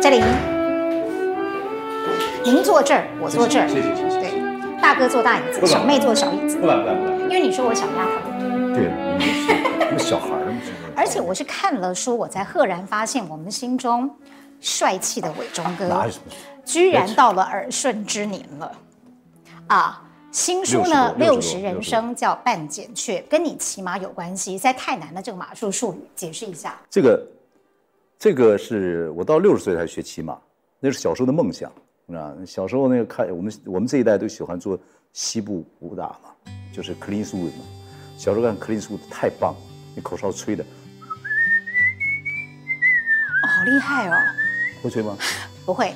嘉玲，您坐這兒，我坐這兒。謝謝謝謝，謝謝。對，大哥坐大椅子，小妹坐小椅子。不難不難不難。因為你說我小丫頭。對，那 小孩嘛是吧？ 而且我是看了書，我才赫然發現，我們心中帥氣的偉忠哥，居然到了耳順之年了。啊，新書呢，六十人生叫《半減卻》，跟你騎馬有關係？在太南的這個馬術術語，解釋一下。這個。這個是我到六十歲才學騎馬，那是小時候的夢想你知道，小時候那個看我們我們這一代都喜歡做西部武打嘛，就是 clean sword 嘛。小時候看 clean sword 太棒，那口哨吹的，哦，好厲害哦！會吹嗎？不會。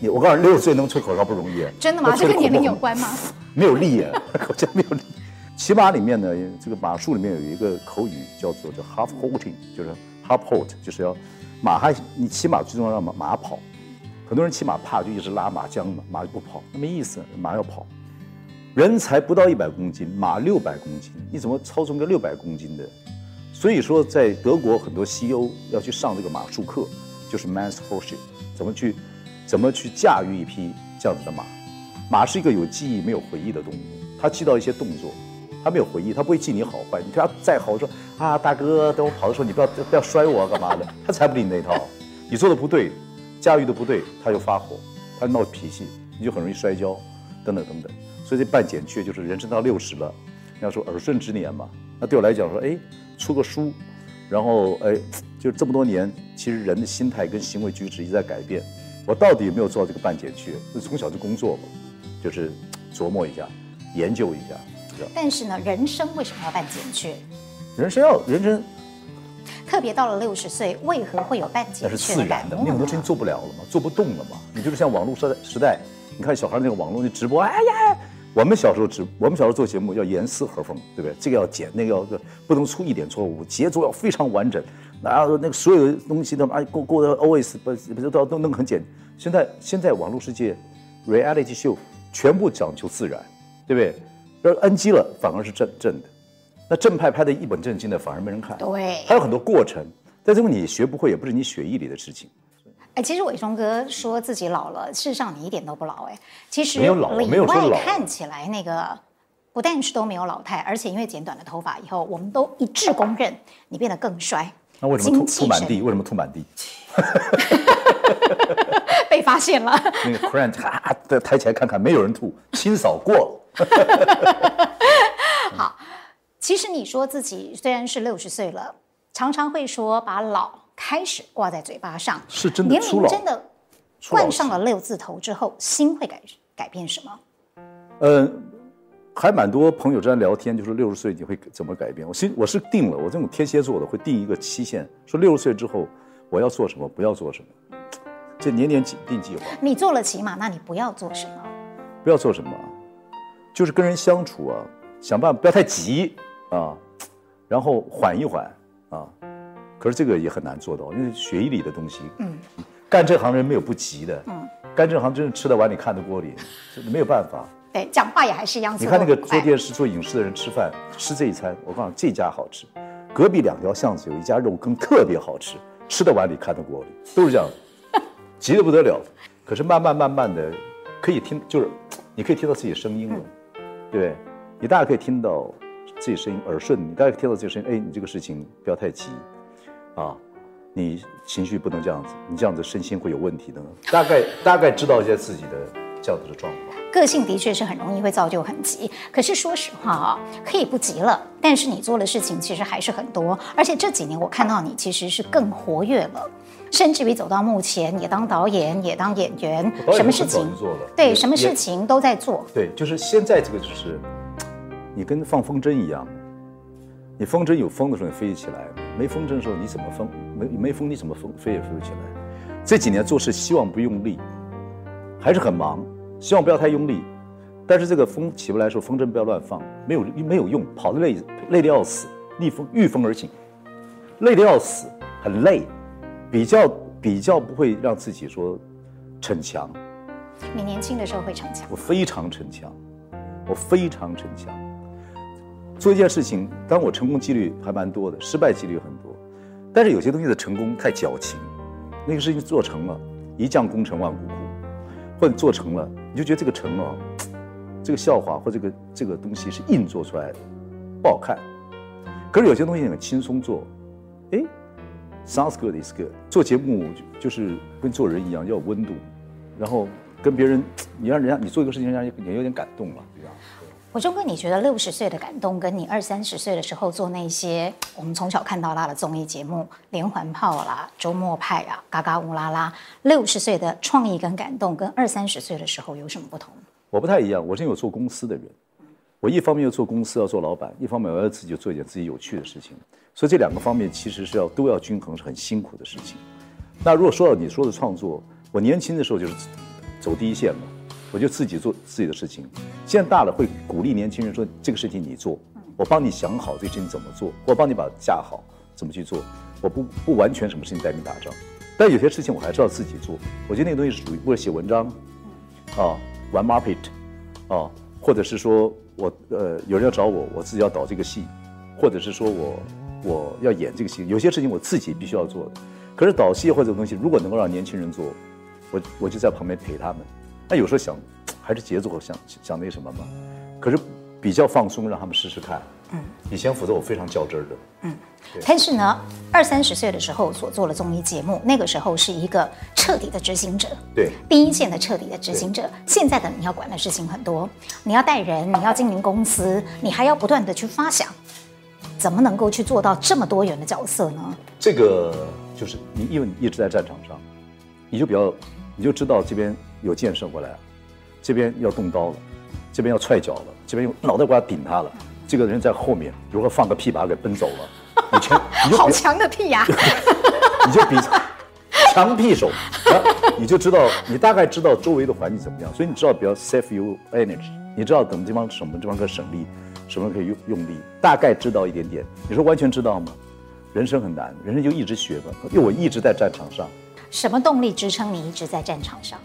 你我告訴你，六十歲能吹口哨不容易。真的嗎？的這跟，個，年齡有關嗎？沒有力啊，口 哨 沒有力。騎馬裡面呢，這個馬術裡面有一個口語叫做叫 half halt，、嗯、就是。h o h o l d 就是要馬，你騎馬最重要讓馬馬跑。很多人騎馬怕就一直拉馬韁，馬就不跑，那沒意思。馬要跑，人才不到一百公斤，馬六百公斤，你怎麼操縱個六百公斤的？所以說，在德國很多 CEO 要去上這個馬術課，就是 man's horship，怎麼去怎麼去駕馭一匹這樣子的馬。馬是一個有記憶沒有回憶的動物，它記到一些動作。他沒有回憶，他不會記你好壞。你對他再好，說啊大哥，等我跑的時候，你不要不要摔我，幹嘛的？他才不理你那一套。你做的不對，駕馭的不對，他就發火，他就鬧脾氣，你就很容易摔跤，等等等等。所以這半減卻就是人生到六十了，要說耳順之年嘛。那對我來講說，哎，出個書，然後哎，就這麼多年，其實人的心態跟行為舉止一直在改變。我到底有沒有做到這個半減卻，就從小就工作嘛，就是琢磨一下，研究一下。但是呢，人生為什麼要半減卻？人生要人生，特別到了六十歲，為何會有半減卻？那是自然的，你很多事情做不了了嘛，做不動了嘛。你就是像網絡時代時代，你看小孩那個網絡那直播，哎呀，我們小時候直，我們小時候做節目要嚴絲合縫，對不對？這個要剪，那個要不能出一點錯誤，節奏要非常完整。然後那個所有的東西都啊，過過的 always 不不是都弄都弄很簡。現在現在網絡世界 reality show 全部講求自然，對不對？要是 NG 了，反而是正正的。那正派拍的一本正經的，反而沒人看。對，還有很多過程，但是你學不會，也不是你血液裡的事情。哎，其實偉忠哥說自己老了，事實上你一點都不老哎。其實沒有老，沒有老。看起來那個不但是都沒有老態，而且因為剪短了頭髮以後，我們都一致公認你變得更帥。那為什麼吐吐滿地？為什麼吐滿地？ 被發現了。那個 crane 哈、啊，抬起來看看，沒有人吐，清掃過了。 好，其實你說自己雖然是六十歲了，常常會說把老開始掛在嘴巴上，是真的初老，真的換上了六字頭之後，心會改改變什麼？嗯，還蠻多朋友之間聊天，就是六十歲你會怎麼改變？我心我是定了，我這種天蠍座的會定一個期限，說六十歲之後我要做什麼，不要做什麼，這年年緊定計劃。你做了起碼，那你不要做什麼？嗯、不要做什麼？就是跟人相處啊，想辦法不要太急啊，然後緩一緩啊。可是這個也很難做到，因為血液裡的東西。嗯。幹這行人沒有不急的。嗯。幹這行真是吃到碗裡看到鍋裡，嗯、沒有辦法。對，講話也還是一樣。你看那個做電視、做影視的人吃飯吃這一餐，我告訴你，這家好吃。隔壁兩條巷子有一家肉羹特別好吃，吃到碗裡看到鍋裡都是這樣的，急得不得了。 可是慢慢慢慢的，可以聽，就是你可以聽到自己的聲音了。嗯對，對，你大概可以聽到自己聲音耳順，你大概可以聽到自己聲音。哎，你這個事情不要太急，啊，你情緒不能這樣子，你這樣子身心會有問題的。大概大概知道一些自己的。叫做就撞個性的確是很容易會造就很急，可是說實話啊，可以不急了。但是你做的事情其實還是很多，而且這幾年我看到你其實是更活躍了，甚至於走到目前也當導演也當演員，演什麼事情對，什麼事情都在做。對，就是現在這個就是，你跟放風箏一樣，你風箏有風的時候你飛起來，沒風箏的時候你怎麼風沒沒風你怎麼風飛也飛不起來。這幾年做事希望不用力。還是很忙，希望不要太用力。但是這個風起不來的時候，風箏不要亂放，沒有沒有用，跑的累累的要死，逆風御風而行，累的要死，很累，比較比較不會讓自己說逞強。你年輕的時候會逞強，我非常逞強，我非常逞強。做一件事情，當我成功幾率還蠻多的，失敗幾率很多，但是有些東西的成功太矯情，那個事情做成了，一將功成萬骨枯。或者做成了，你就覺得這個成啊，這個笑話或這個這個東西是硬做出來的，不好看。可是有些東西你很輕鬆做，哎，sounds good is good。做節目就是跟做人一樣，要有溫度，然後跟別人，你讓人家你做一個事情，讓人家也有點感動了。對吧？忠哥，你覺得六十歲的感動，跟你二三十歲的時候做那些我們從小看到大的綜藝節目《連環炮》啦，《週末派》啊，《嘎嘎烏拉拉》，六十歲的創意跟感動，跟二三十歲的時候有什麼不同？我不太一樣，我是有做公司的人，我一方面要做公司要做老闆，一方面我要自己做一件自己有趣的事情，所以這兩個方面其實是要都要均衡，是很辛苦的事情。那如果說到你說的創作，我年輕的時候就是走第一線嘛。我就自己做自己的事情，現在大了會鼓勵年輕人說，這個事情你做，我幫你想好這個事情怎麼做，我幫你把它架好，怎麼去做，我不不完全什麼事情帶你打仗，但有些事情我還是要自己做。我覺得那個東西是屬於為了寫文章，啊，玩 market，啊，或者是說我呃有人要找我，我自己要導這個戲，或者是說我我要演這個戲，有些事情我自己必須要做的。可是導戲或者東西如果能夠讓年輕人做，我我就在旁邊陪他們。那有時候想，還是節奏想，想想那什麼吧。可是比較放鬆，讓他們試試看。嗯。以前否則我非常較真的。嗯。但是呢、嗯，二三十歲的時候所做的綜藝節目，那個時候是一個徹底的執行者。對。第一線的徹底的執行者。對。現在的你要管的事情很多，你要帶人，你要經營公司，你還要不斷的去發想，怎麼能夠去做到這麼多元的角色呢？這個就是你，因為你一直在戰場上，你就比較，你就知道這邊。有箭射過來，這邊要動刀了，這邊要踹腳了，這邊用腦袋瓜頂他了。這個人在後面，如何放個屁把他給奔走了， 你全你就好強的屁呀，啊！ 你就比強屁手，你就知道，你大概知道周圍的環境怎麼樣。所以你知道比較 save your energy，你知道什麼地方，什麼地方可以省力，什麼可以用、用力，大概知道一點點。你說完全知道嗎？人生很難，人生就一直學吧。因為我一直在戰場上，什麼動力支撐你一直在戰場上？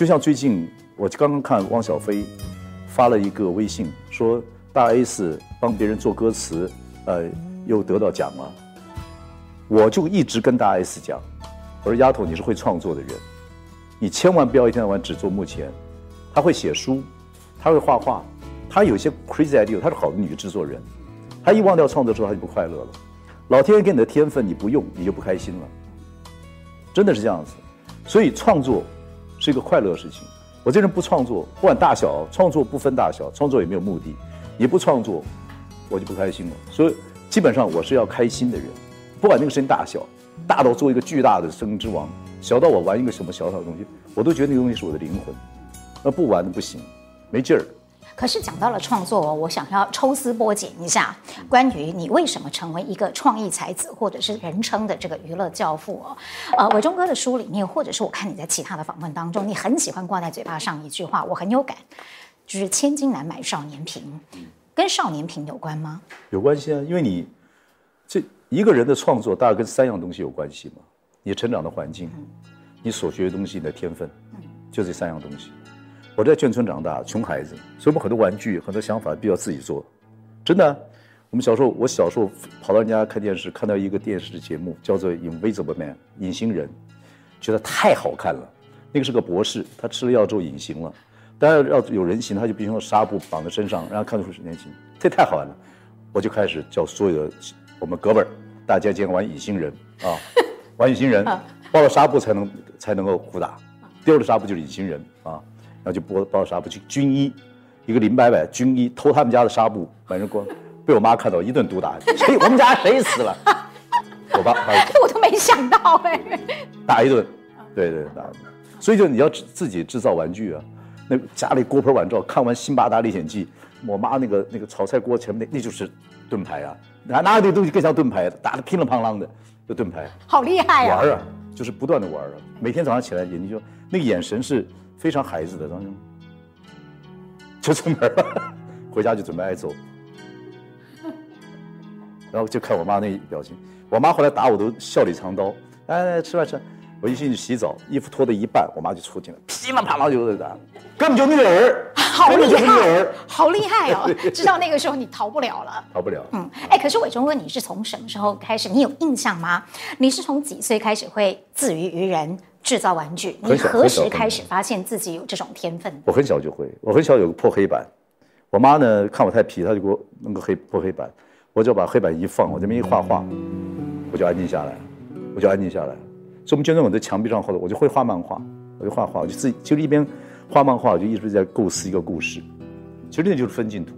就像最近，我剛剛看汪小菲發了一個微信，說大 S 幫別人做歌詞，呃，又得到獎了。我就一直跟大 S 講，我說丫頭，你是會創作的人，你千萬不要一天到晚只做幕前。他會寫書，他會畫畫，他有些 crazy idea，他是好的女製作人。他一忘掉創作之後，他就不快樂了。老天爺給你的天分，你不用，你就不開心了。真的是這樣子，所以創作，是一個快樂的事情。我這人不創作，不管大小，創作不分大小，創作也沒有目的。你不創作，我就不開心了。所以基本上我是要開心的人，不管那個身大小，大到做一個巨大的生之王，小到我玩一個什麼小小的東西，我都覺得那個東西是我的靈魂。那不玩的不行，沒勁兒。可是講到了創作哦，我想要抽絲剝繭一下，關於你為什麼成為一個創意才子，或者是人稱的這個娛樂教父哦。呃，偉忠哥的書裡面，或者是我看你在其他的訪問當中，你很喜歡掛在嘴巴上一句話，我很有感，就是“千金難買少年貧”，跟少年貧有關嗎？有關係啊，因為你這一個人的創作大概跟三樣東西有關係嘛，你成長的環境，你所學的東西，你的天分，就這三樣東西。我在眷村長大，窮孩子，所以我們很多玩具、很多想法必須要自己做。真的，我們小時候，我小時候跑到人家看電視，看到一個電視節目叫做《Invisible Man》（隱形人），覺得太好看了。那個是個博士，他吃了藥之後隱形了，但要要有人形，他就必須用紗布綁在身上，然後看得出是人形。這太好玩了，我就開始叫所有的我們哥們兒，大家今天玩隱形人啊，玩隱形人，包 了紗布才能才能夠互打，丟了紗布就是隱形人。然後就剝剝紗布，去，軍醫，一個林伯伯軍醫偷他們家的紗布，反正光被我媽看到一頓毒打。誰 我們家誰死了？我爸。我都沒想到哎、欸。打一頓，對對,對打一頓。所以就你要自己制造玩具啊。那個、家裡鍋盆碗灶，看完《辛巴達歷險記》，我媽那個那個炒菜鍋前面那那就是盾牌啊，拿拿那東西更像盾牌，打得乒了乓啷的，就盾牌。好厲害啊。玩啊，就是不斷的玩啊。每天早上起來眼睛就，那個、眼神是。非常孩子的當中就出門了，回家就準備挨揍， 然後就看我媽那表情。我媽後來打我都笑裡藏刀，哎，吃飯吃飯。我一進去洗澡，衣服脫到一半，我媽就出去了，噼里啪啦,啪啦，啪啦就在打，根本就虐兒，好厲害，虐兒，好厲害哦。 知道那個時候你逃不了了，逃不了了。嗯，哎，可是偉忠哥，你是從什麼時候開始、嗯？你有印象嗎？你是從幾歲開始會自娛於人？製造玩具，你何時開始發現自己有這種天分？我很小就會，我很小有個破黑板，我媽呢，看我太皮，她就給我弄個黑破黑板，我就把黑板一放，我這邊一畫畫，我就安靜下來，我就安靜下來。所以我們經常我在牆壁上畫的，我就會畫漫畫，我就畫畫，我就自己就一邊畫漫畫，我就一直在構思一個故事，其實那就是分鏡圖。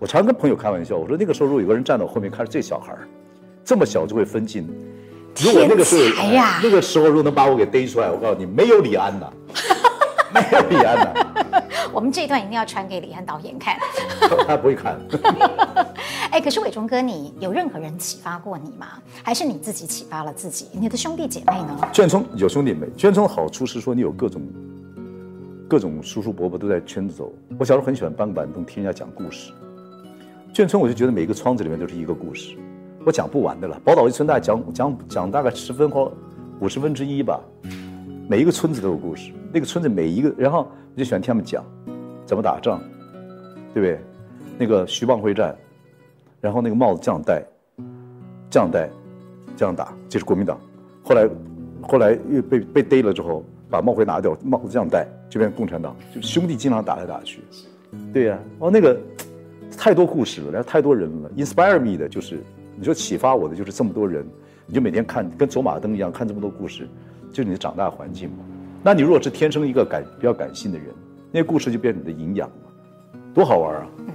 我常跟朋友開玩笑，我說那個時候如果有個人站在我後面看着這小孩，這麼小就會分鏡。如果那個時候天才哎呀、啊！那個時候如果能把我給逮出來，我告訴你，沒有李安的， 沒有李安的。我們這一段一定要傳給李安導演看。他不會看。哎，可是偉忠哥，你有任何人啟發過你嗎？還是你自己啟發了自己？你的兄弟姐妹呢？眷村有兄弟姐妹。眷村的好處是說你有各種各種叔叔伯伯都在圈子走。我小時候很喜歡搬板凳聽人家講故事。眷村我就覺得每一個窗子裡面都是一個故事。我講不完的了。寶島一村大、大講講講大概十分或五十分之一吧。每一個村子都有故事。那個村子每一個，然後我就喜歡聽他們講，怎麼打仗，對不對？那個徐蚌會戰，然後那個帽子這樣，這樣戴，這樣戴，這樣打，這是國民黨。後來，後來又被被逮了之後，把帽徽拿掉，帽子這樣戴，就變共產黨，就兄弟經常打來打去。對呀、啊，哦，那個太多故事了，然後太多人了。Inspire me 的，就是。你說啟發我的就是這麼多人，你就每天看跟走馬燈一樣看這麼多故事，就是你的長大的環境嘛。那你如果是天生一個感比較感性的人，那個、故事就變成你的營養了，多好玩啊！嗯！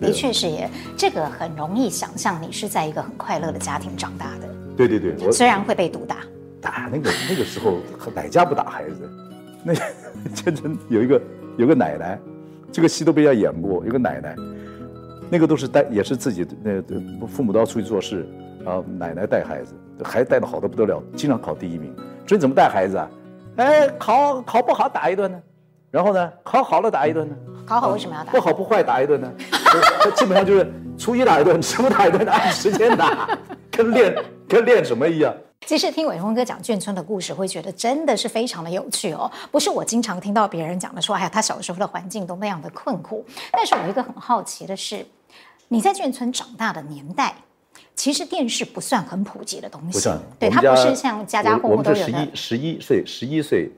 的確是也，這個很容易想象你是在一個很快樂的家庭長大的。對對對，雖然會被毒打，打那個那個時候哪家不打孩子？那真的有一個有個奶奶，這個戲都被人家演過，有個奶奶。那個都是帶，也是自己的那個、父母都要出去做事，然後奶奶帶孩子，孩子帶得好得不得了，經常考第一名。所以你怎麼帶孩子啊？哎，考考不好打一頓呢，然後呢，考好了打一頓呢？考好為什麼要打，嗯？不好不壞打一頓呢？ 基本上就是初一打一頓，什麼打一頓，哪有時間打， 跟練跟練什麼一樣。其實聽偉忠哥講眷村的故事，會覺得真的是非常的有趣哦。不是我經常聽到別人講的說，哎呀，他小時候的環境都那樣的困苦。但是我一個很好奇的是，你在眷村長大的年代，其實電視不算很普及的東西。不對，它不是像家家戶戶都有的。我，我們十一、十一歲、十一歲、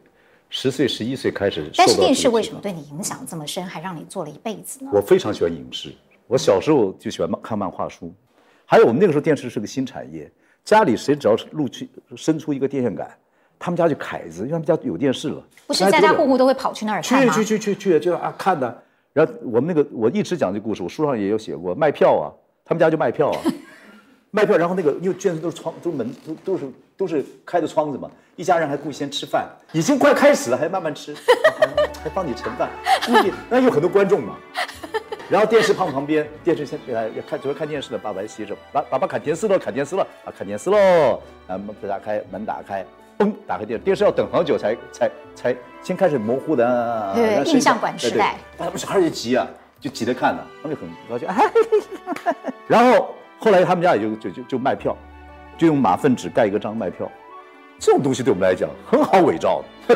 十歲、十一歲開始。但是電視為什麼對你影響這麼深，還讓你做了一輩子呢？我非常喜歡影視，嗯、我小時候就喜歡看漫畫書，還有我們那個時候電視是個新產業，家裡誰只要是露出伸出一個電線桿，他們家就凱子，因為他們家有電視了。不是家家戶戶、戶都會跑去那兒看嗎？去去去去去，就是啊，看的、啊。然後我們那個我一直講這故事，我書上也有寫過賣票啊，他們家就賣票啊， 賣票。然後那個因為眷村都是窗都門都都是都是，都是開着窗子嘛，一家人還故意先吃飯，已經快開始了還慢慢吃，還，還幫你盛飯，估計那有很多觀眾嘛。然後電視旁旁邊電視先給大家看，主要看電視的爸爸洗着爸爸爸看電視嘍，看電視嘍，啊，看電視嘍，啊，門打開，門打開。門打開嘣！打開電視，電視要等好久才才才，才先開始模糊的、啊，對，印象館時代。對對他們小孩就急啊，就急着看呢，啊，他們就很高興。 然後後來他們家也就就就就賣票，就用馬糞紙蓋一個章賣票。這種東西對我們來講很好偽造的，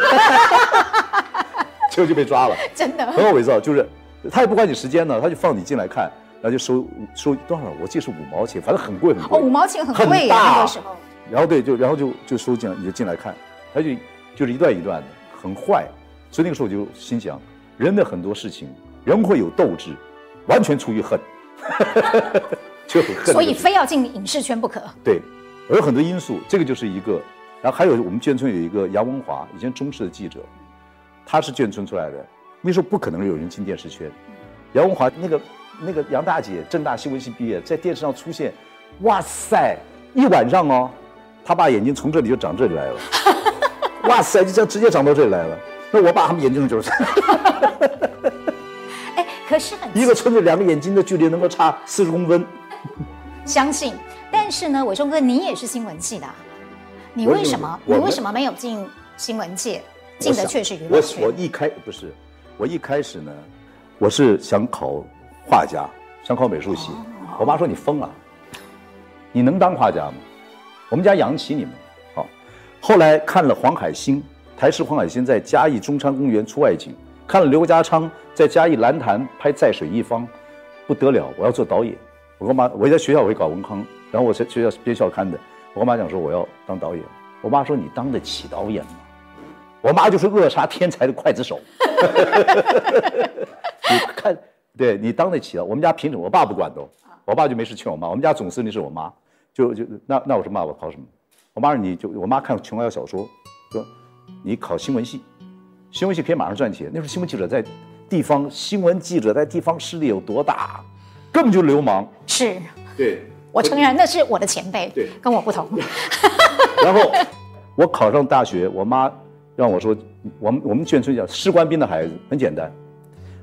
結 果 就被抓了。真的。很好偽造，就是他也不管你時間呢，他就放你進來看，然後就收收多少？我記得是五毛錢，反正很貴很貴。哦，五毛錢很貴很大那個時候。然後對，就然後就就收進來，你就進來看，他就就是一段一段的，很壞。所以那個時候我就心想，人的很多事情，人會有鬥志，完全出於恨， 就很恨。所以非要進影視圈不可。對，有很多因素，這個就是一個。然後還有我們眷村有一個楊文華，以前中視的記者，他是眷村出來的。那時候不可能有人進電視圈。嗯、楊文華那個那個楊大姐，政大新聞系畢業，在電視上出現，哇塞，一晚上哦。他爸眼睛從這裡就長這裡來了， 哇塞！就這樣直接長到這裡來了。那我爸他們眼睛就是……哎，可是很一個村子兩個眼睛的距離能夠差四十公分，相信。但是呢，偉忠哥，你也是新聞系的，你為什麼？我我你為什麼沒有進新聞界？進的卻是娛樂圈，我我一開不是，我一開始呢，我是想考畫家，想考美術系。哦、我爸說你瘋了、啊，你能當畫家嗎？我們家養得起你們，好、啊，後來看了黃海星，台視黃海星在嘉義中山公園出外景，看了劉家昌在嘉義蘭潭拍《在水一方》，不得了！我要做導演。我跟媽，我在學校我也搞文康，然後我在學校編校刊的。我跟媽講說我要當導演，我媽說你當得起導演嗎？我媽就是扼殺天才的劊子手。 你看，對你當得起啊？我們家品種我爸不管都，我爸就沒事勸我媽，我們家總司令是我媽。就就那那，那我說媽，我考什麼？我媽說你就我媽看瓊瑤小、小說，說你考新聞系，新聞系可以馬上賺錢。那時候新聞記者在地方，新聞記者在地方勢力有多大，根本就流氓。是，對我承認那是我的前輩，對跟我不同。 然後我考上大學，我媽讓我說，我們我們眷村叫士官兵的孩子很簡單，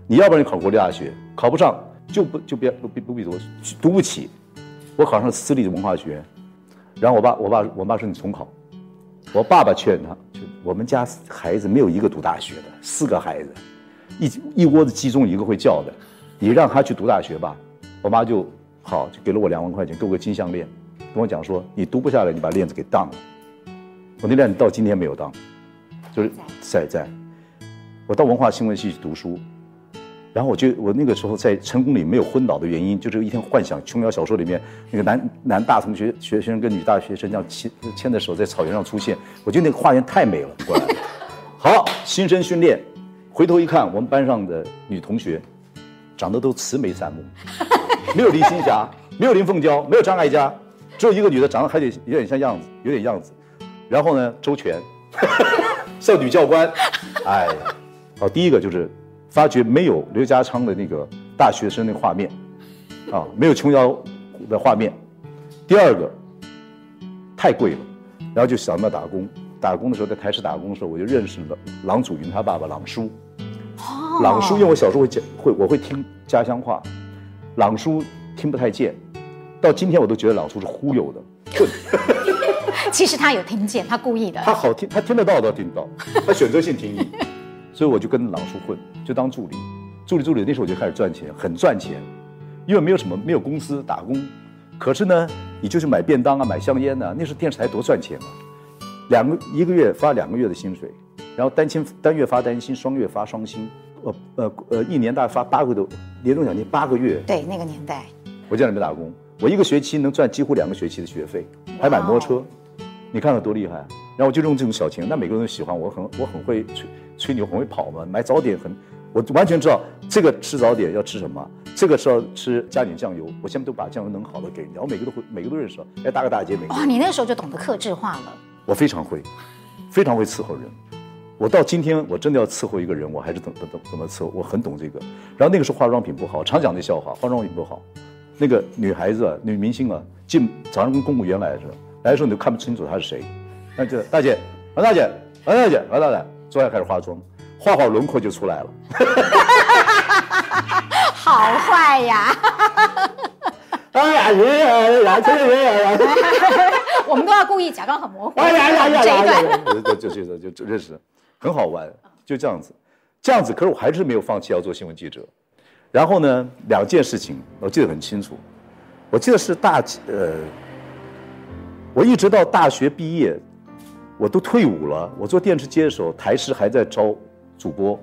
你要不然你考國立大學，考不上就不就別不必，不必讀讀不起。我考上私立的文化學院，然後我爸、我爸、我媽說你重考。我爸爸勸他，就我們家孩子沒有一個讀大學的，四個孩子，一一窩子雞中一個會叫的，你讓他去讀大學吧。我媽就好就給了我兩萬塊錢，給我個金項鏈，跟我講說你讀不下來，你把鏈子給當了。我那鏈子到今天沒有當，就是在在。我到文化新聞系去讀書。然後我就我那個時候在成功里沒有昏倒的原因，就是一天幻想瓊瑤小說裡面那個男男大同學學生跟女大學生這樣牽牽着手在草原上出現，我覺得那個畫面太美了。過來了，好，新生訓練，回頭一看，我們班上的女同學長得都慈眉善目，沒有林青霞，沒有林鳳嬌，沒有張艾嘉，只有一個女的長得還得有點像樣子，有點樣子。然後呢，周全，哈哈哈，校女教官，哎呀，好，第一個就是。發覺沒有劉家昌的那個大學生那畫面，啊，沒有瓊瑤的畫面。第二個太貴了，然後就想到打工。打工的時候，在台視打工的時候，我就認識了郎祖筠他爸爸郎叔。郎叔、哦、郎叔，因為我小時候會講會，我會聽家鄉話，郎叔聽不太見。到今天我都覺得郎叔是忽悠的，哦、 其實他有聽見，他故意的。他好聽，他聽得到都聽得到，他選擇性聽力。 所以我就跟老叔混，就當助理，助理助理，那時候我就開始賺錢，很賺錢，因為沒有什麼，沒有公司打工，可是呢，你就是買便當啊，買香煙吶、啊。那時候電視台多賺錢啊，兩個一個月發兩個月的薪水，然後單薪單月發單薪，雙月發雙薪，呃呃呃，一年大概發八個多年終獎金八個月。對，那個年代，我在裡面打工，我一個學期能賺幾乎兩個學期的學費，還買摩托車，你看看多厲害、啊！然後我就用這種小錢，那每個人都喜歡我很，很我很會吹吹牛，很會跑嘛。買早點很，我完全知道這個吃早點要吃什麼，這個是要吃加點醬油。我現在都把醬油弄好了給你，我每個都會，每個都認識。哎，大哥大姐每個人。哇、哦，你那時候就懂得客製化了。我非常會，非常會伺候人。我到今天我真的要伺候一個人，我還是怎麼怎麼伺候？我很懂這個。然後那個時候化妝品不好，常講那笑話，化妝品不好，那個女孩子、啊、女明星啊，進早上跟公務員來的時候，來的時候你都看不清楚她是誰。那、啊、就大姐，王、啊、大姐，王、啊、大姐，王、啊、大姐，坐下開始化妝，化好輪廓就出來了。 好壞呀 當 然，人真的人，人 人，我們都要故意假裝很模糊。 哎呀呀呀、哎、呀！這就就就就認識，很好玩，就這樣子，這樣子。樣子，可是我還是沒有放棄要做新聞記者。然後呢，兩件事情我記得很清楚，我記得是大，呃，我一直到大學畢業。我都退伍了，我做電視接的時候，台視還在招主播，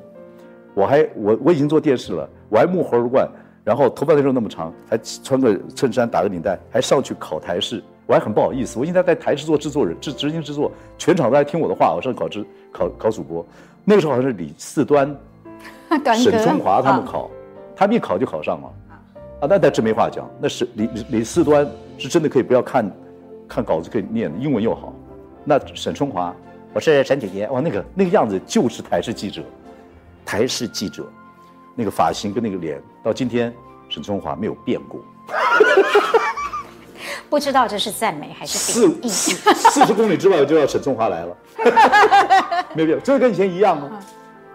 我還我我已經做電視了，我還木花兒棍，然後頭髮那時候那麼長，還穿着襯衫打個領帶，還上去考台視，我還很不好意思。我現在在台視做制作人，執執行制作，全場都在聽我的話，我上考制考考主播，那個時候好像是李四端、 沈春華他們考、啊，他們一考就考上了，啊，那真沒話講，那是李李李四端是真的可以不要看，看稿子可以念，英文又好。那沈春華，我是沈姐姐。哇、哦，那個那個樣子就是台式記者，台式記者，那個髮型跟那個臉，到今天沈春華沒有變過。 不知道這是讚美還是。四十四十公里之外就要沈春華來了。 沒有沒有，這個跟以前一樣嗎？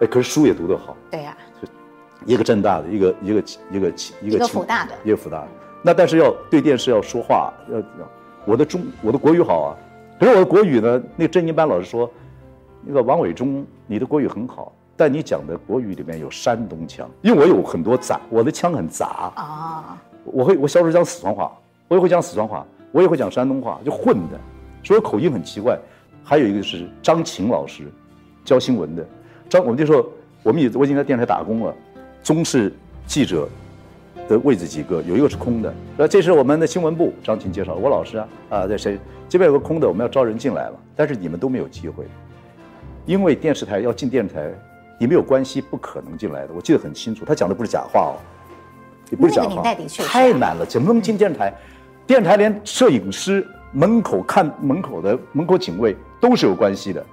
哎，可是書也讀得好。對呀、啊。一個政大的，一個一個一個一個一個輔大的，一個輔大的。那但是要對電視要說話，要，要我的中我的國語好啊。比如我的國語呢，那個鄭貞銘老師說，那個王偉忠，你的國語很好，但你講的國語裡面有山東腔，因為我有很多雜，我的腔很雜。啊、哦，我會我小時候講四川話，我也會講四川話，我也會講山東話，就混的，所以口音很奇怪。還有一個是張晴老師，教新聞的，張我們就說，我們也我已經在電視台打工了，中視記者。的位置幾個，有一個是空的。那這是我們的新聞部張琴介紹，我老師啊，啊、啊、這誰，這邊有個空的，我們要招人進來了。但是你們都沒有機會，因為電視台要進電視台，你們沒有關係不可能進來的。我記得很清楚，他講的不是假話哦，也不是假話。那個年代的確啊，太難了，怎麼能進電視台？嗯、電視台連攝影師、門口看門口的門口警衛都是有關係的。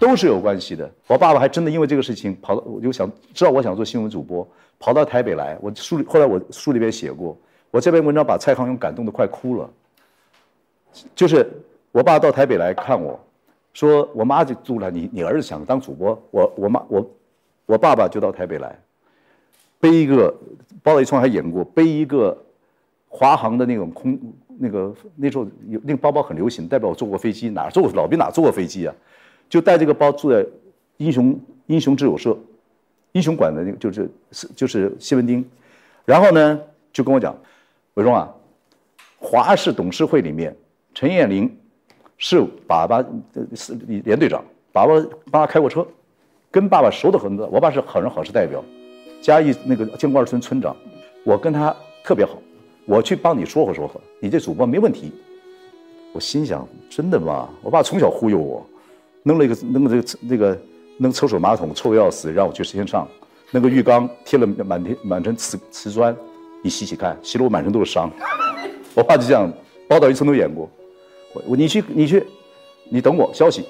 都是有關係的。我爸爸還真的因為這個事情跑，我就想知道我想做新聞主播，跑到台北來。我書裡後來我書裡邊寫過，我這篇文章把蔡康永感動得快哭了。就是我爸到台北來看我，說我媽就住了，你你兒子想當主播，我我媽我我爸爸就到台北來，背一個包，了一床，還演過，背一個華航的那種空那個那時候有那個包包很流行，代表我坐過飛機，哪坐過老兵哪坐過飛機啊。就帶這個包住在英雄英雄之友社，英雄館的那，就，個，是，就是是就是謝文丁。然後呢，就跟我講：“偉忠啊，華視董事會裡面，陳彥霖是爸爸是你連隊長，爸爸幫他開過車，跟爸爸熟得很。我爸是好人好事代表，嘉義那個建國二村村長，我跟他特別好。我去幫你說和說和，你這主播沒問題。”我心想：“真的嗎？我爸從小忽悠我。”弄了一個，弄個這個那、這個，弄廁所馬桶臭的要死，讓我去先上。那個浴缸貼了滿天滿城瓷瓷磚，你洗洗看，洗了我滿身都是傷。我爸就這樣，包到一層都演過我。「我，你去，你去，你等我消息。」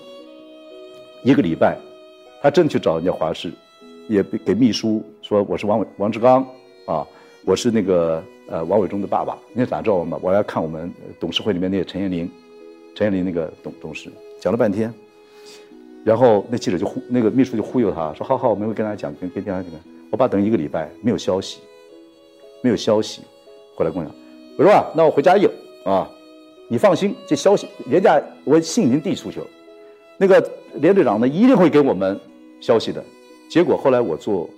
一個禮拜，他真去找人家華氏，也給秘書說，我是王偉，王志剛啊，我是那個呃王偉忠的爸爸。你咋着吧？我要看我們董事會裡面那個陳彥霖，陳彥霖那個董董事，講了半天。然後那記者就忽那個秘書就忽悠他，說好好，我們會跟大家講，跟跟他講。我爸等一個禮拜，沒有消息，沒有消息，回來跟我講，我說啊，那我回家硬啊，你放心，這消息，人家我信已經遞出去了，那個連隊長呢一定會給我們消息的。結果後來我做，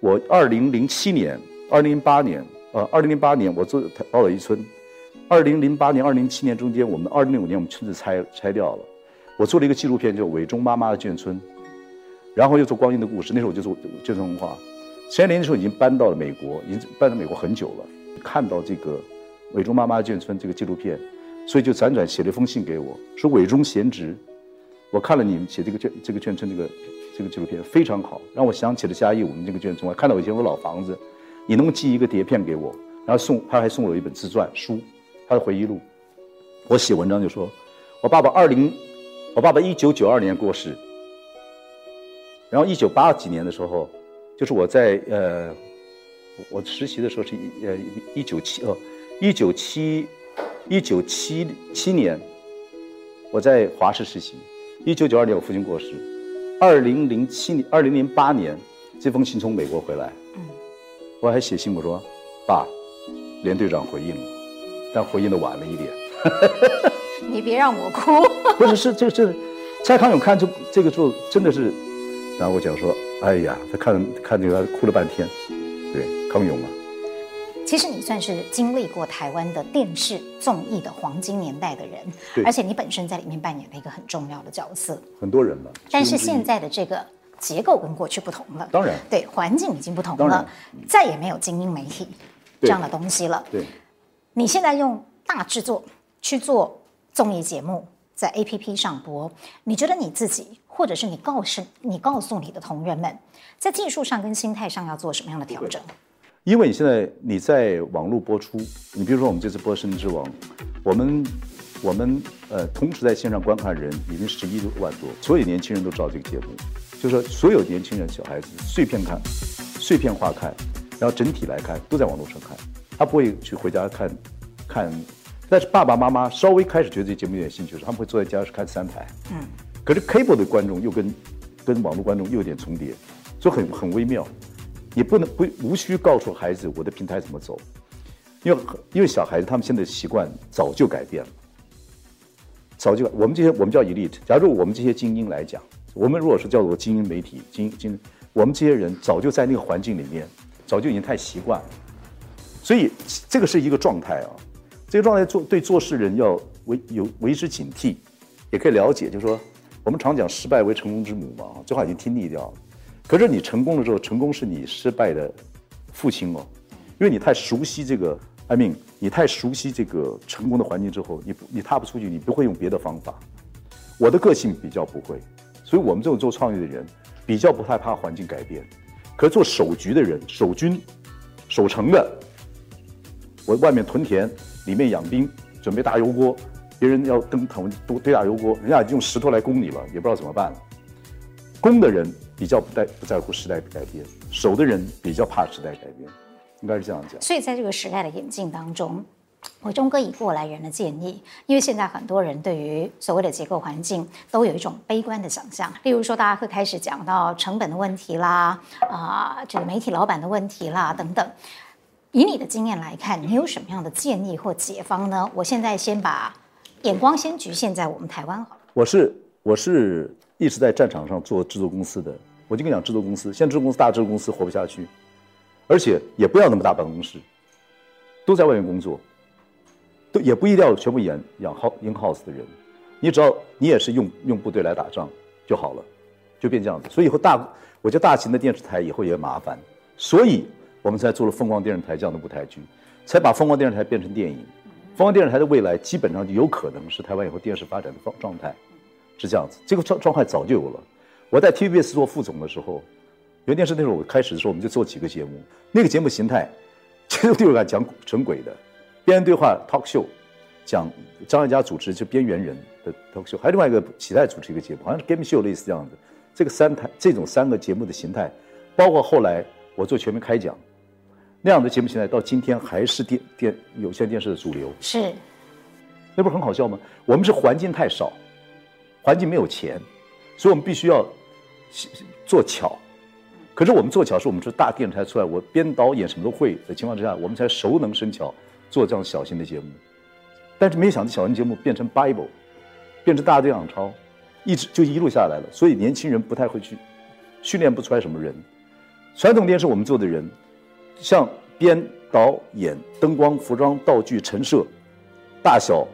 我二零零七年、二零零八年，呃，二零零八年我做寶島一村，二零零八年、二零零七年中間，我們二零零五年我們村子拆拆掉了。我做了一個紀錄片，叫《偉忠媽媽的眷村》，然後又做《光陰的故事》。那時候我就做眷村文化。前年的時候已經搬到了美國，已經搬到美國很久了。看到這個《偉忠媽媽的眷村》這個紀錄片，所以就輾轉轉寫了一封信給我，說，偉忠賢侄，我看了你們寫這個眷這個眷、這個眷村這個這個紀錄片非常好，讓我想起了嘉義我們這個眷村。看到以前我老房子，你能不能寄一個碟片給我？然後送他還送我一本自傳書，他的回憶錄。我寫文章就說，我爸爸二零。我爸爸一九九二年過世，然後一九八幾年的時候，就是我在呃，我實習的時候是呃一,一九七呃、哦、一九七一九七七年，我在華視實習。一九九二年我父親過世，二零零七年二零零八年，這封信從美國回來，我還寫信我說，爸，連隊長回應了，但回應的晚了一點。 你別讓我哭， 不是是這這，蔡康永看這這個做真的是，然後我講說，哎呀，他看看這個哭了半天，對，康永嘛、啊。其實你算是經歷過台灣的電視綜藝的黃金年代的人，對，而且你本身在裡面扮演了一個很重要的角色，很多人嘛。但是現在的這個結構跟過去不同了，當然，對，環境已經不同了，再也沒有精英媒體這樣的東西了，對。對，你現在用大製作去做。綜藝節目在 APP 上播，你覺得你自己，或者是你告訴你告訴你的同仁們，在技術上跟心態上要做什麼樣的調整？因為你現在你在網絡播出，你比如說我們這次播《聲之王》，我們我們呃，同時在線上觀看的人已經十一萬多，所有年輕人都知道這個節目，就是說所有年輕人、小孩子碎片看、碎片化看，然後整體來看都在網絡上看，他不會去回家看，看。但是爸爸媽媽稍微開始覺得這節目有點興趣的時候，他們會坐在家是看三台。嗯，可是 cable 的觀眾又跟，跟網絡觀眾又有點重疊，所以很很微妙。也不能不無需告訴孩子我的平台怎麼走，因為因為小孩子他們現在習慣早就改變了，早就我們這些我們叫 elite。假如我們這些精英來講，我們如果是叫做精英媒體，精精，我們這些人早就在那個環境裡面，早就已經太習慣了，所以這個是一個狀態啊。這個狀態做對做事人要為有為之警惕，也可以了解，就是說，我們常講失敗為成功之母嘛，這話已經聽膩掉了。可是你成功了之後，成功是你失敗的父親哦，因為你太熟悉這個命，I mean，你太熟悉這個成功的環境之後，你不你踏不出去，你不會用別的方法。我的個性比較不會，所以我們這種做創業的人比較不太怕環境改變。可是做守局的人、守軍、守城的，我外面屯田，裡面養兵，準備大油鍋；別人要跟他們堆大油鍋，人家已經用石頭來攻你了，也不知道怎麼辦。攻的人比較不帶不在乎時代改變，守的人比較怕時代改變，應該是這樣講。所以在這個時代的演進當中，我忠哥以過來人的建議，因為現在很多人對於所謂的結構環境都有一種悲觀的想象，例如說大家會開始講到成本的問題啦，啊、呃，這個媒體老板的問題啦等等。以你的經驗來看，你有什麼樣的建議或解方呢？我現在先把眼光先局限在我們台灣好了。我是，我是一直在戰場上做制作公司的。我就跟你講，制作公司，現在制作公司，大制作公司活不下去，而且也不要那麼大辦公室，都在外面工作，都也不一定要全部養養 house，in house 的人，你只要你也是用用部隊來打仗就好了，就變這樣子。所以以後大，我覺得大型的電視台以後也麻煩，所以。我們才做了瘋狂電視台這樣的舞台劇，才把瘋狂電視台變成電影。瘋狂電視台的未來基本上就有可能是台灣以後電視發展的狀狀態，是這樣子。這個狀狀態早就有了。我在 TVBS 做副總的時候，原電視那時候我開始的時候，我們就做幾個節目。那個節目形態，其實對我來講成鬼的，邊緣對話 talk show，講張艾嘉主持就邊緣人的 talk show，還另外一個乞丐主持一個節目，好像是 game show 類似這樣子。這個三台這種三個節目的形態，包括後來我做全民開講。那樣的節目現在到今天還是電電有線電視的主流。是，那不是很好笑嗎？我們是環境太少，環境沒有錢，所以我們必須要做巧。可是我們做巧，是我們是大電視台出來，我編導演什麼都會的情況之下，我們才熟能生巧做這樣小型的節目。但是沒想到小型節目變成 Bible，變成大家這樣抄，一直就一路下來了。所以年輕人不太會去，訓練不出來什麼人。傳統電視我們做的人。像編導演、燈光、服裝、道具、陳設、大小、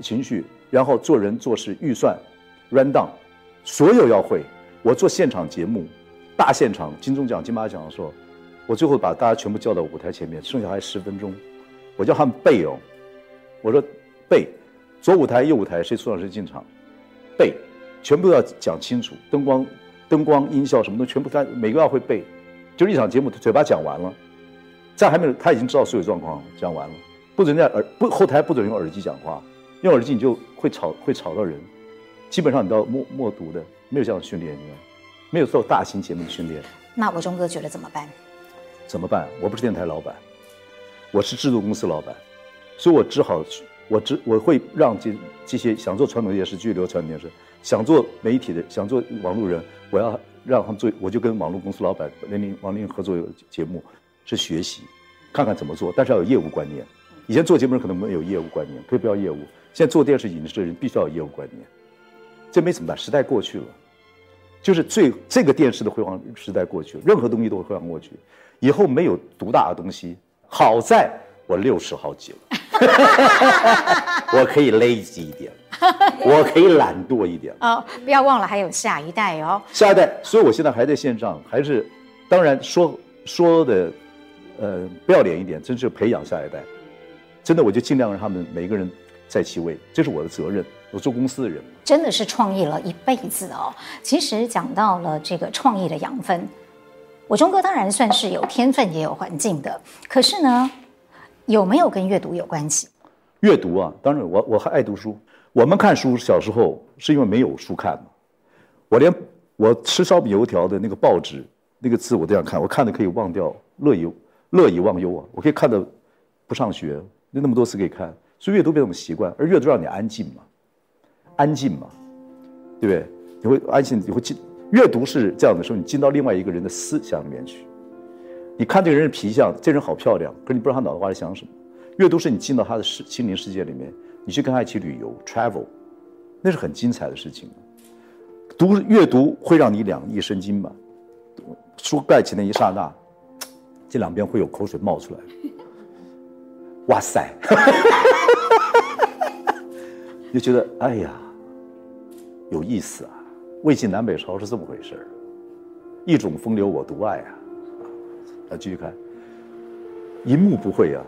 情緒，然後做人做事預算，run down，所有要會。我做現場節目，大現場金鐘獎、金馬獎的時候，我最後把大家全部叫到舞台前面，剩下還十分鐘，我叫他們背哦。我說背，左舞台、右舞台，誰出場誰進場，背，全部要講清楚。燈光、燈光、音效什麼都全部，每個要會背。就是一場節目，嘴巴講完了。在還沒有，他已經知道所有狀況，講完了，不准在耳，不，後台不准用耳機講話，用耳機你就會吵會吵到人，基本上你都要默默讀的，沒有這樣的訓練，沒有做大型節目的訓練。那我忠哥覺得怎麼辦？怎麼辦？我不是電台老闆，我是制作公司老闆，所以我只好去，我只我會讓這這些想做傳統電視劇、繼續流傳電視，想做媒體的，想做網絡人，我要讓他們做，我就跟網絡公司老闆連林王林合作有節目。是學習，看看怎麼做，但是要有業務觀念。以前做節目人可能沒有業務觀念，可以不要業務。現在做電視、影視的人必須要有業務觀念。這沒怎麼辦，時代過去了，就是最這個電視的輝煌時代過去了，任何東西都會輝煌過去。以後沒有獨大的東西。好在我六十好幾了， 我可以累積一點， 我可以懶惰一點。啊 ，oh, 不要忘了還有下一代哦。下一代，所以我現在還在線上，還是當然說說的。呃，不要臉一點，真是培養下一代。真的，我就盡量讓他們每一個人在其位，這是我的責任。我做公司的人，真的是創意了一輩子哦。其實講到了這個創意的養分，我忠哥當然算是有天分，也有環境的。可是呢，有沒有跟閱讀有關係？閱讀啊，當然我我還愛讀書。我們看書小時候是因為沒有書看嘛。我連我吃燒餅油條的那個報紙，那個字我都想看，我看得可以忘掉樂游。樂以忘憂啊！我可以看到不上學，那那麼多書，可以看，所以閱讀變成我們習慣，而閱讀讓你安靜嘛，安靜嘛，對不對？你會安靜，你會進閱讀是這樣的時候，你進到另外一個人的思想裡面去，你看這個人是皮相，這人好漂亮，可是你不知道他腦袋瓜在想什麼。閱讀是你進到他的世心靈世界裡面，你去跟他一起旅遊，travel，那是很精彩的事情。讀閱讀會讓你兩益生津嘛，書蓋起那一剎那。這兩邊會有口水冒出來的，哇塞！ 就覺得哎呀，有意思啊！魏晉南北朝是這麼回事兒，一種風流我獨愛啊！來、啊、繼續看，一幕不會啊，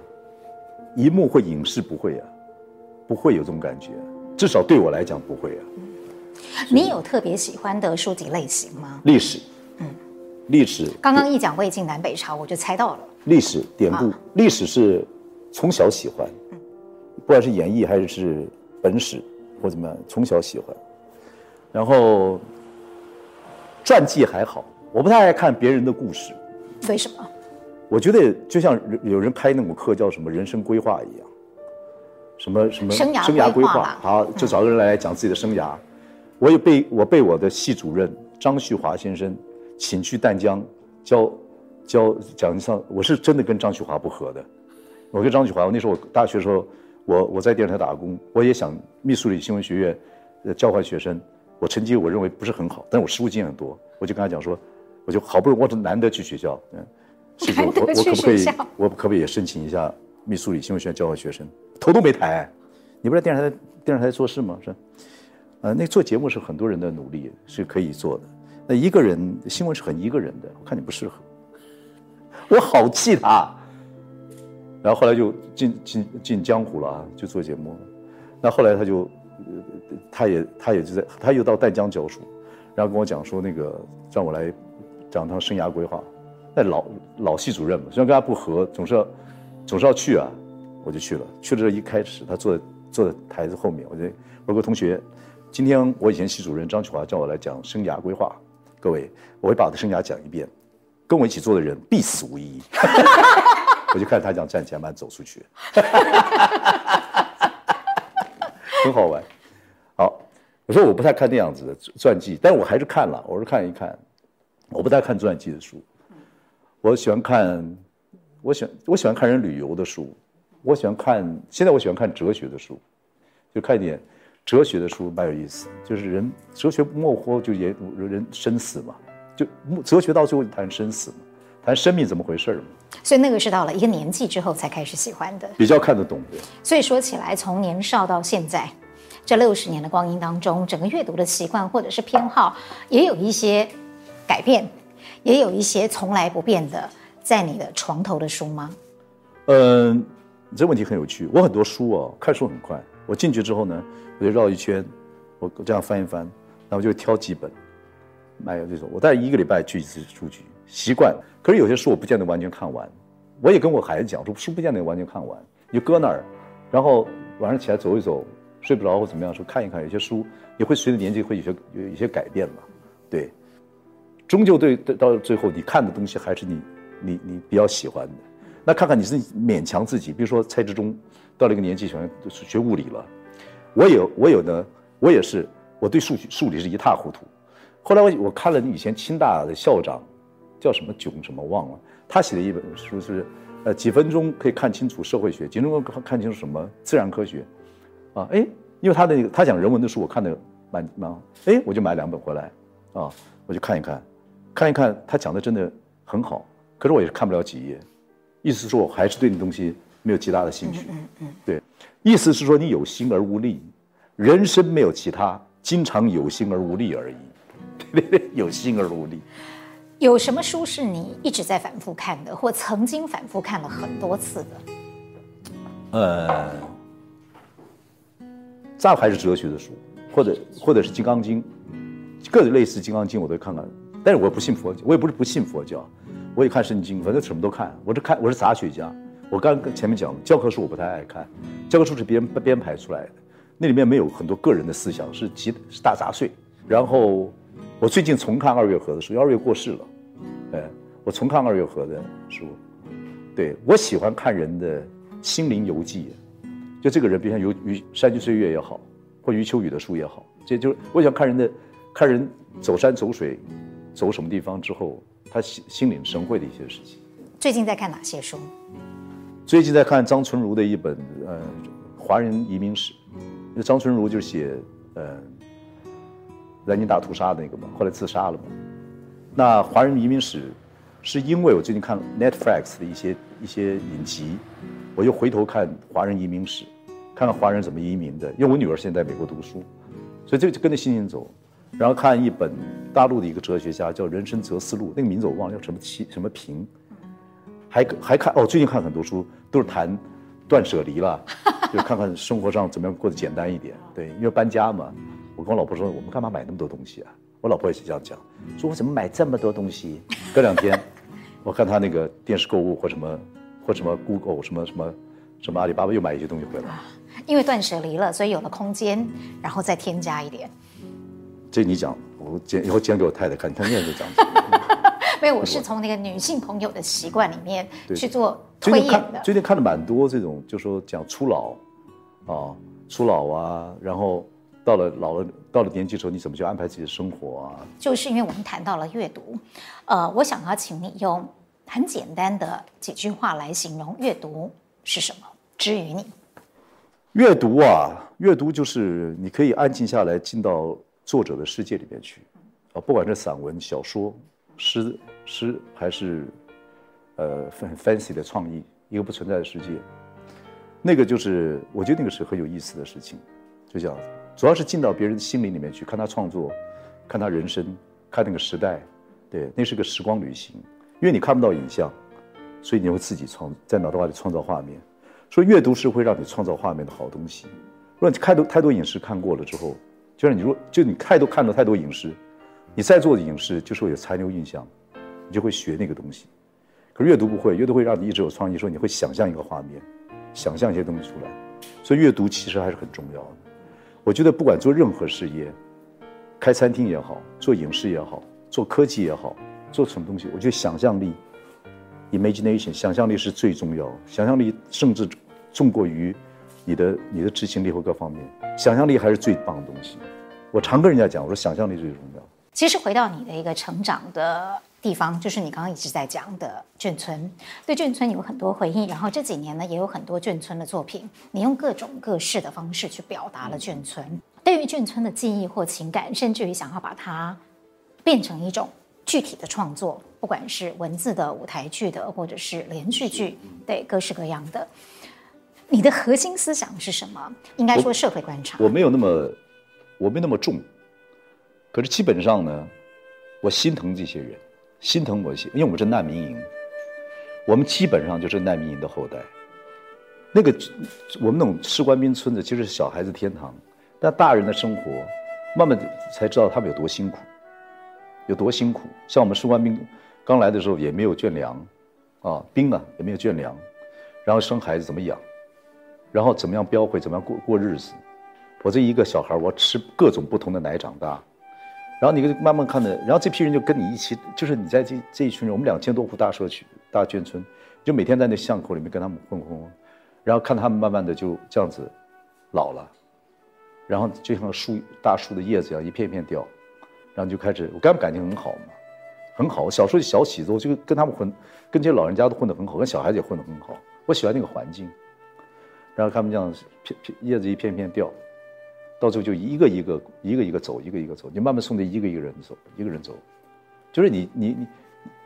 一幕會影視不會啊，不會有這種感覺、啊，至少對我來講不會啊。你有特別喜歡的書籍類型嗎？歷史。歷史剛剛一講魏晉南北朝，我就猜到了。歷史、典故、啊、歷史是從小喜歡、嗯，不管是演義還是是本史，我怎麼樣從小喜歡。然後傳記還好，我不太愛看別人的故事。為什麼？我覺得就像人有人拍那種課叫什麼“人生規劃”一樣，什麼什麼生涯生涯規劃好、啊、嗯，就找個人來，來講自己的生涯。我也被我被我的系主任張旭華先生，請去淡江教教講下。我是真的跟張旭華不合的，我跟張旭華，我那時候我大學的時候，我我在電視台打工，我也想密蘇里新聞學院，交換學生。我成績我認為不是很好，但是我實務經驗多。我就跟他講說，我就好不容易我就難得去學校，嗯，是我，我，我，可可我可不可以？我可不可以也申請一下密蘇里新聞學院交換學生？頭都沒抬。你不是電視台電視台在做事嗎？是，呃，那做節目是很多人的努力是可以做的。嗯那一個人新聞是很一個人的，我看你不適合，我好氣他。然後後來就進進進江湖了啊，就做節目。那後,後來他就、呃、他也他也就在他又到淡江教書，然後跟我講說那個讓我來講他生涯規劃。那老老系主任嘛，雖然跟他不合，總是要總是要去啊，我就去了。去了這一開始他坐在坐在台子後面，我就，我有個同學，今天我以前系主任張啟華叫我來講生涯規劃。各位，我會把我的生涯講一遍，跟我一起做的人必死無疑。 我就看他講，站前來走出去， 很好玩。好，我說我不太看那樣子的傳記，但我還是看了，我說看一看。我不太看傳記的書，我喜歡看，我喜歡我喜歡看人旅遊的書，我喜歡看。現在我喜歡看哲學的書，就看一點。哲學的書蠻有意思，就是人哲學莫乎就也有人生死嘛，就哲學到最後談生死嘛，談生命怎麼回事嘛。所以那個是到了一個年紀之後才開始喜歡的，比較看得懂。所以說起來，從年少到現在，這六十年的光陰當中，整個閱讀的習慣或者是偏好也有一些改變，也有一些從來不變的，在你的床頭的書嗎？嗯、呃，這問題很有趣，我很多書啊、哦，看書很快。我進去之後呢，我就繞一圈，我我這樣翻一翻，那我就挑幾本，買這種，我大概一個禮拜去一次書局，習慣。可是有些書我不見得完全看完，我也跟我孩子講，說書不見得完全看完，你就擱那兒，然後晚上起來走一走，睡不着或怎麼樣，說看一看。有些書也會隨着年紀會有些有有些改變嘛，對，終究對到最後你看的東西還是你你你比較喜歡的，那看看你自己，勉強自己，比如說蔡志忠。到了一個年紀，喜歡學物理了。我有，我有的，我也是，我對數學、數理是一塌糊塗。後來我我看了你以前清大的校長，叫什麼炯什麼忘了，他寫的一本書是，是，呃，幾分鐘可以看清楚社會學，幾分鐘可以看看清楚什麼自然科學，啊，哎，因為他的那個他講人文的書，我看的蠻蠻好，哎，我就買了兩本回來，啊，我就看一看，看一看他講的真的很好，可是我也是看不了幾頁，意思是說我還是對那東西。沒有其他的興趣。嗯嗯嗯，對，意思是說你有心而無力，人生沒有其他，經常有心而無力而已，對對，有心而無力。有什麼書是你一直在反覆看的，或曾經反覆看了很多次的？呃、嗯，這還是哲學的書，或者或者是《金剛經》，各種類似《金剛經》我都看了，但是我不信佛教，我也不是不信佛教，我也看聖經，反正什麼都看。我是看，我是雜學家。我剛跟前面講教科書我不太愛看，教科書是編編排出來的，那裡面沒有很多個人的思想，是集是大雜碎。然後，我最近重看二月河的書，二月過世了，哎，我重看二月河的書，對，我喜歡看人的心靈遊記，就這個人，比如像余山居歲月也好，或余秋雨的書也好，這就，就是我喜歡看人的，看人走山走水，走什麼地方之後，他心心領神會的一些事情。最近在看哪些書？最近在看張純如的一本，呃，華人移民史。那張純如就寫，呃，南京大屠殺的那個嘛，後來自殺了嘛。那華人移民史，是因為我最近看 Netflix 的一些一些影集，我又回頭看華人移民史，看看華人怎麼移民的。因為我女兒現在在美國讀書，所以這個就跟着心情走。然後看一本大陸的一個哲學家叫《人生哲思錄》，那個名字我忘了，叫什麼奇什麼平。還還看哦，最近看很多書。都是談斷捨離了，就看看生活上怎麼樣過得簡單一點。對，因為搬家嘛，我跟我老婆說，我們幹嘛買那麼多東西啊？我老婆也是這樣講，說我怎麼買這麼多東西？隔兩天， 我看她那個電視購物或什麼，或什麼 Google 什麼什麼，什麼阿里巴巴又買一些東西回來。因為斷捨離了，所以有了空間，然後再添加一點。這你講，我剪以後剪給我太太看，她也會講。 所以我是從那個女性朋友的習慣裡面去做推演的。最近，最近看了蠻多這種，就是說講初老，啊、哦，初老啊，然後到了老了到了年紀的時候，你怎麼去安排自己的生活啊？就是因為我們談到了閱讀，呃，我想要請你用很簡單的幾句話來形容閱讀是什麼？之於你，閱讀啊，閱讀就是你可以安靜下來，進到作者的世界裡面去，啊，不管是散文、小說、詩。詩還是，呃，很 fancy 的創意，一個不存在的世界，那個就是我覺得那個是很有意思的事情，就這樣子，主要是進到別人的心靈裡面去看他創作，看他人生，看那個時代，對，那是個時光旅行，因為你看不到影像，所以你會自己創在腦袋裡創造畫面，所以閱讀是會讓你創造畫面的好東西，如果你太多太多影視看過了之後，就像你說，就你太多看到太多影視，你在做的影視就是會有殘留印象。你就會學那個東西，可是閱讀不會，閱讀會讓你一直有創意。說你會想象一個畫面，想象一些東西出來，所以閱讀其實還是很重要的。我覺得不管做任何事業，開餐廳也好，做影視也好，做科技也好，做什麼東西，我覺得想象力 （imagination），想象力是最重要。想象力甚至重過於你的你的執行力和各方面，想象力還是最棒的東西。我常跟人家講，我說想象力最重要。其實回到你的一個成長的地方，就是你剛剛一直在講的眷村，對眷村有很多回憶，然後這幾年呢也有很多眷村的作品，你用各種各式的方式去表達了眷村對於眷村的記憶或情感，甚至於想要把它變成一種具體的創作，不管是文字的、舞台劇的，或者是連續劇,劇，對各式各樣的。你的核心思想是什麼？應該說社會觀察，我,我沒有那麼，我沒那麼重。可是基本上呢，我心疼這些人，心疼我一些，因為我們是難民營，我們基本上就是難民營的後代。那個我們那種士官兵村子，其實是小孩子天堂，但大人的生活，慢慢的才知道他們有多辛苦，有多辛苦。像我們士官兵剛來的時候也、啊啊，也沒有眷糧，啊兵啊也沒有眷糧，然後生孩子怎麼養，然後怎麼樣標會，怎麼樣過過日子。我這一個小孩，我吃各種不同的奶長大。然後你就慢慢看着，然後這批人就跟你一起，就是你在這這一群人，我們兩千多戶大社區、大眷村，就每天在那巷口裡面跟他們混混混，然後看他們慢慢的就這樣子老了，然後就像樹大樹的葉子一樣一片片掉，然後就開始我跟他們感情很好嘛，很好。我小時候小喜子我就跟他們混，跟這些老人家都混得很好，跟小孩子也混得很好。我喜歡那個環境，然後他們這樣，片片葉子一片片掉。到最後就一個一個一個一個走，一個一個走，你慢慢送他一個一個人走，一個人走，就是你你你，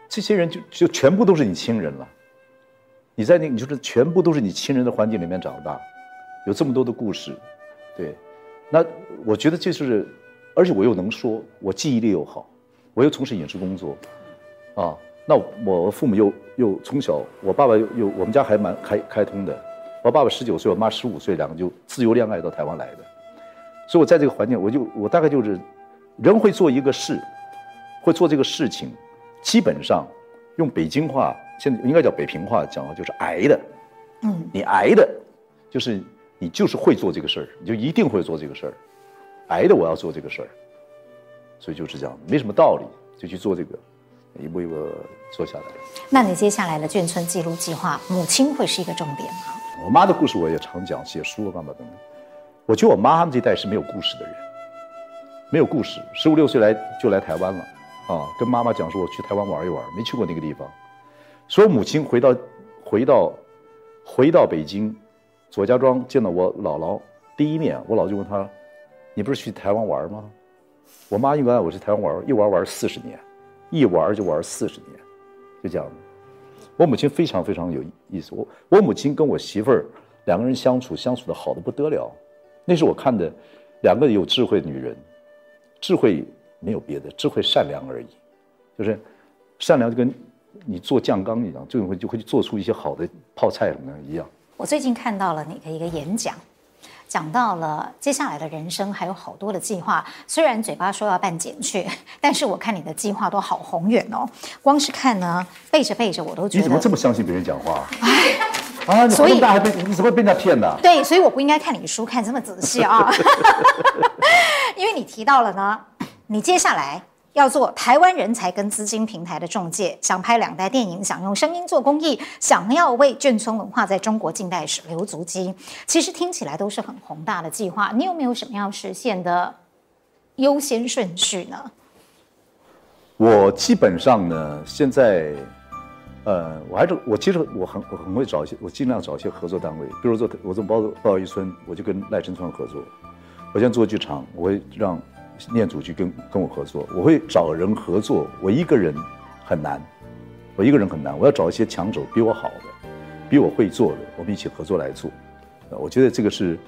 這些人就就全部都是你親人了，你在那你就是全部都是你親人的環境裡面長大，有這麼多的故事，對，那我覺得這就是，而且我又能說，我記憶力又好，我又從事影視工作，啊，那我父母又又從小，我爸爸又又我們家還蠻開開通的，我爸爸十九歲，我媽十五歲，兩個就自由戀愛到台灣來的。所以我在這個環境，我就我大概就是，人會做一個事，會做這個事情，基本上，用北京話，現在應該叫北平話講的就是“挨的”，嗯，你挨的，就是你就是會做這個事兒，你就一定會做這個事兒，挨的我要做這個事兒，所以就是這樣沒什麼道理，就去做這個，一步一步做下來。那你接下來的眷村記錄計劃，母親會是一個重點嗎？我媽的故事我也常講，寫書啊幹嘛的。我覺得我媽他們這代是沒有故事的人，沒有故事。十五六歲來就來台灣了，啊，跟媽媽講說我去台灣玩一玩，沒去過那個地方。所以我母親回到回到回到北京左家莊見到我姥姥第一面，我姥就問她，你不是去台灣玩嗎？我媽一般我去台灣玩，一玩玩四十年，一玩就玩四十年，就這樣子。我母親非常非常有意思。我我母親跟我媳婦兒兩個人相處相處的好的不得了。那是我看的，兩個有智慧的女人，智慧沒有別的，智慧善良而已，就是善良，就跟你做醬缸一樣，就會就會做出一些好的泡菜什麼一樣。我最近看到了你的一個演講，講到了接下來的人生還有好多的計劃。雖然嘴巴說要半減卻，但是我看你的計劃都好宏遠哦。光是看呢，背着背着我都覺得你怎麼這麼相信別人講話？ 啊被，所以你怎麼會被他騙的、啊？對，所以我不應該看你的書看這麼仔細啊， 因為你提到了呢，你接下來要做台灣人才跟資金平台的中介，想拍兩代電影，想用聲音做公益，想要為眷村文化在中國近代史留足跡，其實聽起來都是很宏大的計劃。你有沒有什麼要實現的優先順序呢？我基本上呢，現在。呃，我還是我其實我很我很會找一些，我盡量找一些合作單位。比如說我做寶島一村，我就跟賴聲川合作。我現在做劇場，我會讓念祖去跟跟我合作。我會找人合作，我一個人很難，我一個人很難。我要找一些強手，比我好的，比我會做的，我們一起合作來做。我覺得這個是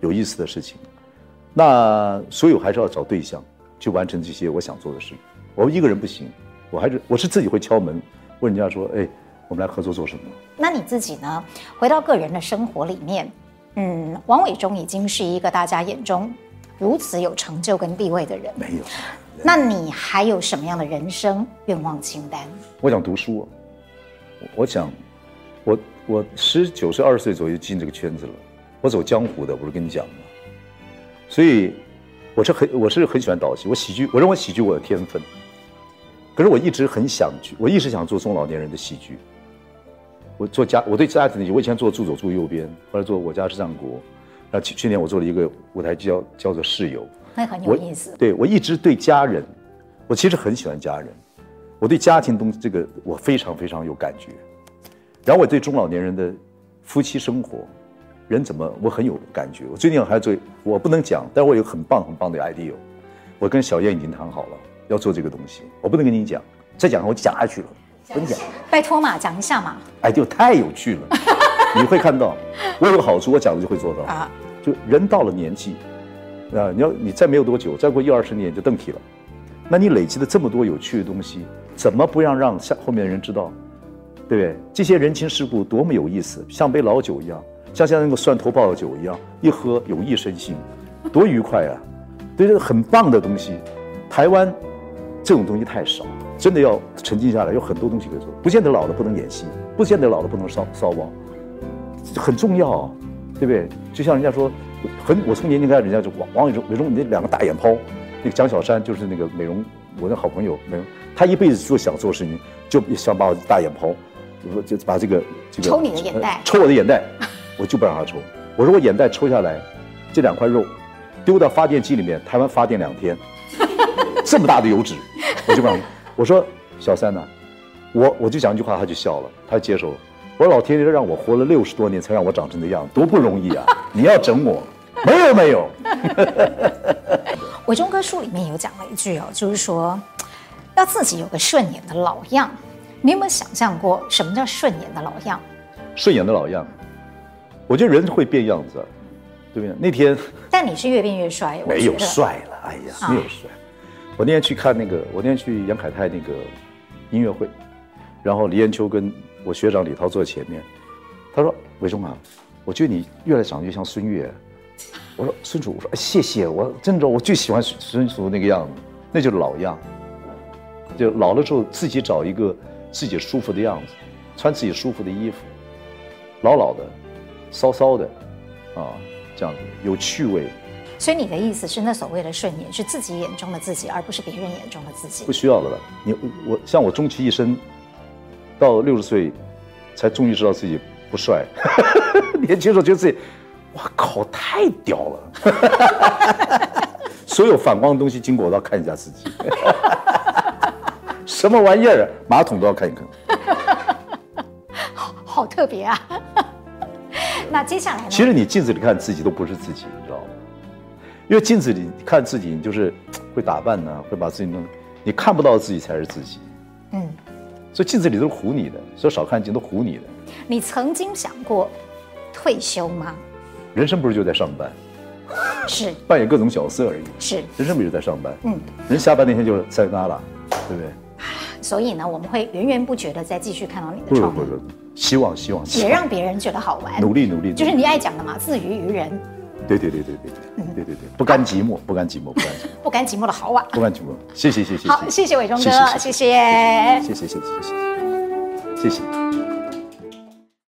有意思的事情。那所以我還是要找對象去完成這些我想做的事。我一個人不行，我還是我是自己會敲門。問人家說：“哎，我們來合作做什麼？”那你自己呢？回到個人的生活裡面，嗯，王偉忠已經是一個大家眼中如此有成就跟地位的人。沒有。那你還有什麼樣的人生願望清單？我想讀書啊。我想，我我十九、二十歲左右進這個圈子了。我走江湖的，不是跟你講嗎？所以，我是很我是很喜歡導戲。我喜劇，我認為喜劇，我有天分。可是我一直很想去，我一直想做中老年人的戲劇。我做家，我對家庭的，我以前做《住左住右邊》，後來做《我家是戰國》，然後去去年我做了一個舞台劇，叫叫做《室友》，哎，那很有意思。我對我一直對家人，我其實很喜歡家人，我對家庭東西這個我非常非常有感覺。然後我對中老年人的夫妻生活，人怎麼我很有感覺。我最近還做我不能講，但我有很棒很棒的 idea，我跟小燕已經談好了。要做這個東西，我不能跟你講，再講我就講下去了。不能講，拜託嘛，講一下嘛。哎，就太有趣了， 你會看到，我有好處，我講了就會做到啊。 就人到了年紀，啊、呃，你要你再沒有多久，再過一二十年就鄧皮了，那你累積的這麼多有趣的東西，怎麼不讓讓下後面的人知道，對不對？這些人情世故多麼有意思，像杯老酒一樣，像現在那個蒜頭爆的酒一樣，一喝有益身心，多愉快啊！對，這個很棒的東西，台灣。這種東西太少，真的要沉靜下來，有很多東西可以做。不見得老了不能演戲，不見得老了不能騷騷包，這很重要，啊，對不對？就像人家說，很我從年輕開始，人家就王王偉忠、偉忠，你那兩個大眼泡，那個蔣小山就是那個美容，我的好朋友美容，他一輩子做想做的事情，就想把我大眼泡，就說就把這個抽你的眼袋、呃，抽我的眼袋， 我就不讓他抽。我說我眼袋抽下來，這兩塊肉丟到發電機裡面，台灣發電兩天。 這麼大的油脂，我就講、啊，我說小三呢，我我就講一句話，他就笑了，他接受了。我老天爺讓我活了六十多年，才讓我長成這樣，多不容易啊！你要整我，沒 有沒有。沒有 偉忠哥書裡面有講了一句哦，就是說，要自己有個順眼的老樣。你有沒有想象過什麼叫順眼的老樣？順眼的老樣，我覺得人會變樣子，對不對？那天，但你是越變越帥，沒有帥了，哎呀，啊、沒有帥。我那天去看那個，我那天去楊凱泰那個音樂會，然後李延秋跟我學長李濤坐在前面，他說：“偉忠啊，我覺得你越來長得越像孫越。”我說：“孫叔，我說謝謝，我真的，我最喜歡孫孫叔那個樣子，那就是老樣，就老了之後自己找一個自己舒服的樣子，穿自己舒服的衣服，老老的，騷騷的，啊，這樣子有趣味。”所以你的意思是，那所謂的順眼是自己眼中的自己，而不是別人眼中的自己。不需要的了吧，你我像我終其一生，到六十歲，才終於知道自己不帥。年輕時候覺得自己，哇靠，太屌了。 所有反光的東西經過我都要看一下自己， 什麼玩意兒，馬桶都要看一看。 好，好特別啊。 那接下來呢？其實你鏡子裡看自己都不是自己，你知道嗎？因為鏡子裡看自己，就是會打扮呢、啊，會把自己弄，你看不到自己才是自己，嗯，所以鏡子裡都是唬你的，所以少看鏡都唬你的。你曾經想過退休嗎？人生不是就在上班，是扮演各種角色而已，是人生不是就在上班，嗯，人下班那天就是散咖了，對不對？所以呢，我們會源源不絕的再繼續看到你的不是不是，希望希望，希望也讓別人覺得好玩，努力努力，努力，就是你愛講的嘛，自娛娛人。對對對，對對對對對對對對，不甘寂寞，不甘寂寞，不甘寂寞，不甘寂寞的好晚，不甘寂寞，謝謝謝謝好，好謝謝偉忠哥，謝謝謝謝謝謝謝謝。